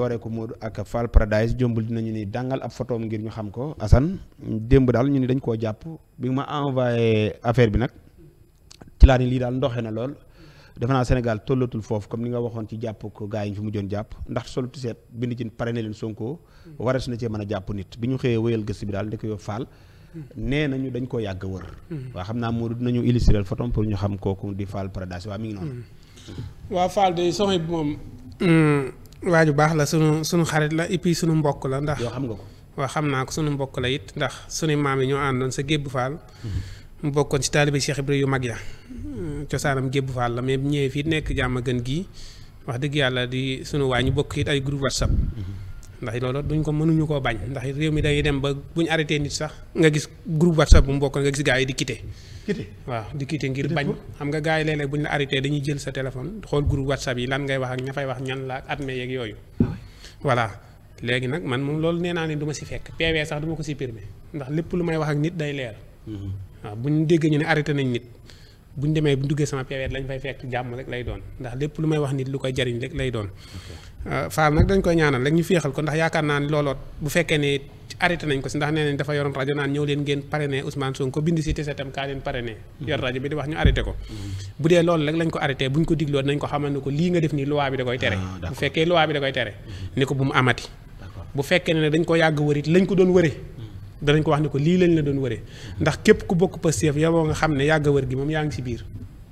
dooree ko Modou ak Fall Paradise jombul dinañu ni dàngal ab photom ngir ñu xam ko Assane démb daal ñu ni dañ koo jàpp bi ma envoyé affaire bi nag ci laa ni lii daal ndoxe na lool defe naa Sénégal tollatul foofu comme ni nga waxoon ci jàpp ko gaa yi ñu fi mujjoon jàpp ndax solo tiseet bind ci pare na leen Sonko warees na cee mën a jàpp nit bi ñu xëyee wéyal gëstu bi daal di ko yow Fall na nañu dañ ko yàgg wër waa xam naa Modou dinañu illustrer photom pour ñu xam kooku di Fall Paradise waa mi ngi noonu waa waa ju baax la sunu sunu xarit la et puis sunu mbokk la ndax. yoo xam nga ko xam naa ko sunu mbokk la it ndax sunu maam yi ñoo àndoon sa Gébu Fall. Mm-hmm. mu bokkoon ci taalibe Cheikh Ibra yu mag ya mm, cosaanam Gébu Fall la mais bu ñëwee fii nekk jàmm gën gii wax dëgg yàlla di sunu waa ñu bokk yit ay groupe WhatsApp. Mm-hmm. ndax loolu duñ ko mënuñu koo bañ ndax réew mi dañuy dem ba bu ñu arrêté nit sax nga gis groupe whatsapp bu mu bokk nga gis gars yi di quitté. waaw di quitté ngir bañ. xam nga gars yi léeg-léeg bu ñu la arrêté dañuy jël sa téléphone xool groupe whatsapp yi lan ngay wax ak ña fay wax ñan la ak at me yeeg yooyu. Ah voilà léegi nag man moom loolu nee naa ne du ma si fekk PV sax du ko ko supprimer ndax lépp lu may wax ak nit day leer. Mhm. waaw bu ñu déggee ñu ne arrêté nañ nit bu ñu demee bu ñu duggee sama PV lañ fay fekk jàmm rek lay doon ndax lépp lu may wax nit lu koy jariñ rek lay doon. Euh, Fall nag dañ koy ñaanal rek ñu féexal ko ndax yaakaar naa ne looloot bu fekkee ne arrêté nañ ko si ndax nee nañ dafa leen ngeen parrainé Ousmane Sonko bind si te seetam kaa leen parrainé. bi ko. bu dee loolu rek lañ ko arrêté buñ ko digloo nañ ko xamal ne ko lii nga def nii loi da koy tere. Ah, bu koy tere. Mhm. ni ko bu mu amati. bu fekkee ne dañ ko yàgg wërit lañ ko doon wëre danañ ko wax ni ko lii lañ la doon wëree ndax képp ku bokk Pastef yaboo nga xam ne yàgg a wër gi moom yaa ngi si biir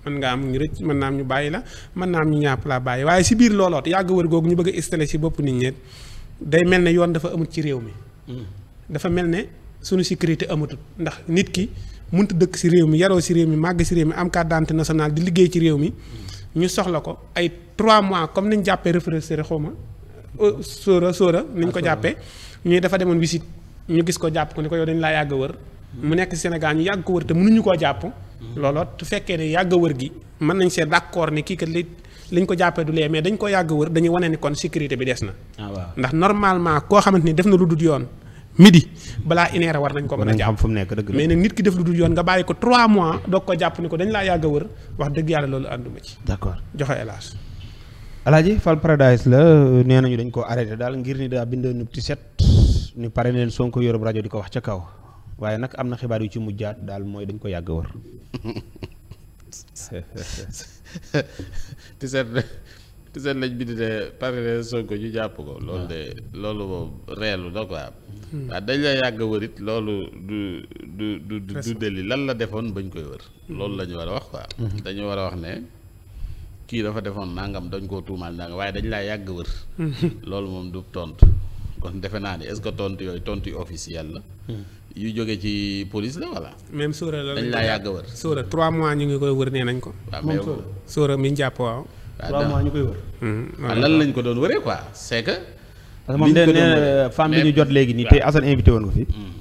mën nga am ñu rëcc mën naa am ñu bàyyi la mën naa am ñu ñàpp laa bàyyi waaye si biir looloot yàgg wër googu ñu bëgg a installé si bopp nit ñeet day mel ne yoon dafa amut ci réew mi hmm. dafa mel ne suñu sécurité amatut ndax nit ki mënut dëkk si réew mi yaroo si réew mi màgg si réew mi am carte d'identité nationale di liggéey ci réew mi ñu soxla ko ay 3 mois comme nañ jàppee référé xaw ma euh, sóora sóora niñ ko ah, jàppee ñuy dafa demoon visite ñu gis ko jàpp ko ni ko yow dañu laa yàgg a wër mu nekk Sénégal ñu yàgg ko wër te mënuñu koo jàpp looloo su fekkee ne yàgg a wër gi mën nañ see d'accord ni kii kat li ko jàppee du lee mais dañ ko yàgg a wër wane ni kon sécurité bi des na ah, ndax normalement koo xamante ni def na lu dul yoon balaa une heure war nañ ko mën a jàpp fu mu nekk dëgg mais nag nit ki def lu dul yoon nga bàyyi ko trois mois doog ko jàpp ni ko dañ laa yàgg a wër wax dëgg yàlla loolu ànduma ci d'accord joxe hélas Alaaji Fall Paradise la nee nañu dañ ko arrêté daal ngir ni daa bindoon nu ti set ni pare neen Sonko yorob rajo di ko wax ca kaw waaye nag am na xibaar yu ci mujjaat daal mooy dañ ko yàgg wër ti seet ti seet lañ bind ne pare neen Sonko ñu jàpp ko ah. loolu de loolu moom reelu na quoi waaw dañ la yàgg wër it du du du du lan la defoon bañ koy loolu la war a wax quoi mm-hmm. war a wax ne kii dafa defoon nangam dañ koo tuumaal nangam waaye dañ lay yàgg wër mm-hmm. loolu moom du tontu kon defe naa ni est-ce que tontu yooyu tontu officiel la. Hmm. yu jóge ci police la voilà. même Sora la dañ laa yàgg a wër. Sora trois mois ñu ngi koy wër nee nañ ko. waaw ah, mais moom Sora mi jàpp waaw. Ah, trois mois ñu koy wër. Hmm, ah, lan lañ ko doon wëree quoi c'est que. parce que moom nee na bi ñu jot léegi nii te Assane woon ko fi. Hmm.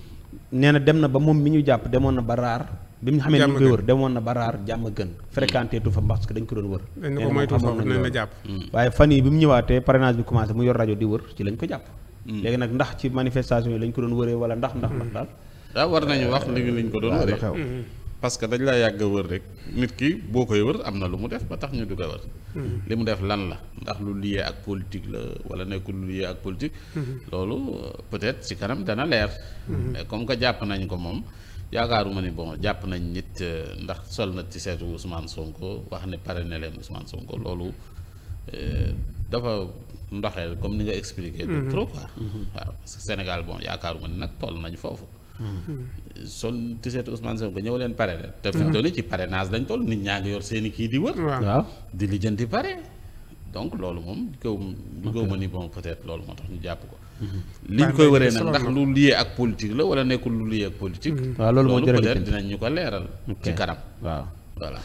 nee na dem na ba moom mi ñu jàpp demoon na ba raar. bi mu xamee ni ñu koy wër demoon na ba raar jàmm gën. fréquenté tu fa parce que dañ ko doon wër. dañ ko waaye fan yi bi mu ñëwaatee parrainage bi commencé mu yor rajo di wër ci lañ ko jàpp Mm. léegi nag ndax ci manifestation yi lañ ko doon wëree wala ndax ndax ndax mm. daal war nañu wax léegi lañ ko doon wëree mm-hmm. parce que dañ lay yàgg a wër rek nit ki boo koy wër am na lu mu def ba tax ñu du ko wër mm-hmm. li mu def lan la ndax lu lié ak politique la wala nekkul lu lié ak politique mm-hmm. loolu peut-être ci kanam dana leer comme que jàpp nañ ko moom yaakaaruma ni bon jàpp nañ nit euh, ndax sol na ci seetu Ousmane Sonko wax ne pare ne leen Ousmane Sonko loolu euh, dafa ndoxeel comme ni nga expliqué. de mm-hmm. trop quoi. Mm-hmm. waaw parce Sénégal bon yaakaaruma ni nag toll nañu foofu. Mm-hmm. sol t-shirt Ousmane Sonko ñëw leen pare leen. te fi mu toll nii ci parrainage toll nit ñaa ngi yor seeni kii di wër. waaw di lijjanti pare. donc loolu moom kaw kaw ma ni bon peut loolu moo tax ñu jàpp ko. li ñu koy wëree nag ndax lu lié ak politique la wala nekkul lu lié ak politique. waaw loolu moo jërëjëf peut dinañ ñu ko leeral. ci kanam waaw voilà.